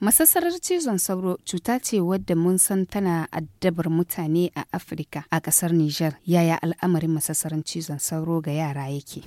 Masassarar cizon sauro cuta ce wadda mun san tana addabar mutane a Afirka a kasar Nijar. Yaya al'amarin masassarar cizon sauro ga yara yake?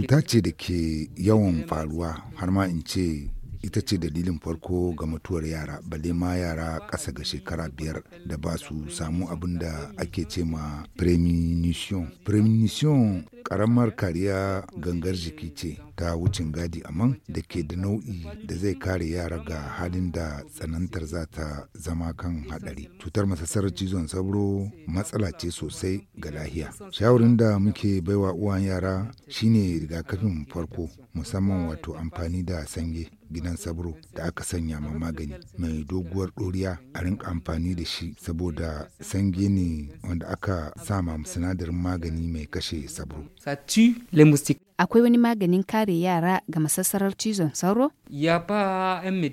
Cuta ce da ke yawan faruwa har ma in ce ita ce dalilin farko ga mutuwar yara balle ma yara ƙasa ga shekara biyar da ba su samu abin da ake ce ma premonition premonition karamar kariya gangar jiki ce ta wucin gadi amma da ke da nau'i da zai kare yara ga halin da tsanantar za ta zama kan haɗari. Cutar masassarar cizon sabro matsala ce sosai ga lahiya. Shawarin da muke baiwa uwan yara shine rigakafin farko musamman wato amfani da sange gidan sabro da aka sanya ma magani mai doguwar ɗoriya a rinka amfani da shi saboda sange ne wanda aka sama sinadarin magani mai kashe sabro. akwai wani maganin kare yara ga masassarar cizon sauro? Ya ba 'yan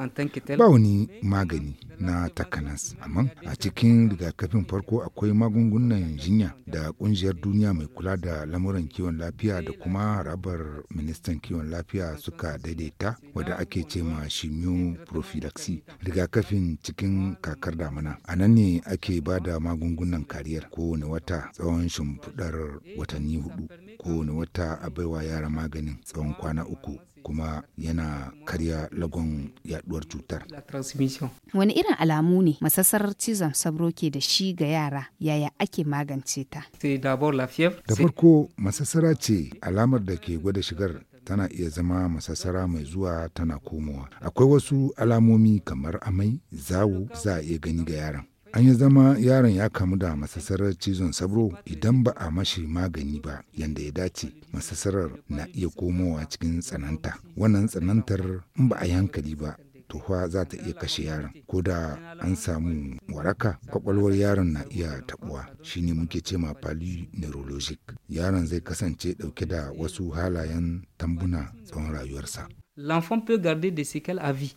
an Ba wani magani na takanas, amma a cikin rigakafin farko akwai magungunan jinya da kungiyar duniya mai kula da lamuran kiwon lafiya da kuma harabar ministan kiwon lafiya suka daidaita wadda ake ce ma shimio prophylaxis rigakafin cikin kakar damina. A nan ne ake ba da magungunan kariyar kowane wata tsawon shimfiɗar watanni hudu. kowane wata a baiwa yara maganin tsawon kwana uku kuma yana karya lagon yaduwar cutar. Wani irin alamu ne masassarar cizon sabro ke da shi ga yara yaya ake magance ta? Da farko masassara ce alamar da ke gwada shigar tana iya zama masassara mai zuwa tana komowa. Akwai wasu alamomi kamar amai, zawo za a iya gani ga yaran. an yi zama yaron ya kamu da masasarar cizon sabro idan ba a mashi magani ba yadda ya dace masasarar na iya komowa cikin tsananta wannan tsanantar in ba a yi hankali ba tufa za ta iya kashe yaron ko da an samu waraka kwakwalwar yaron na iya tabuwa shine muke ce ma neurologic yaron zai kasance dauke da wasu halayen tambuna tsawon rayuwarsa l'enfant peut garder des séquelles à vie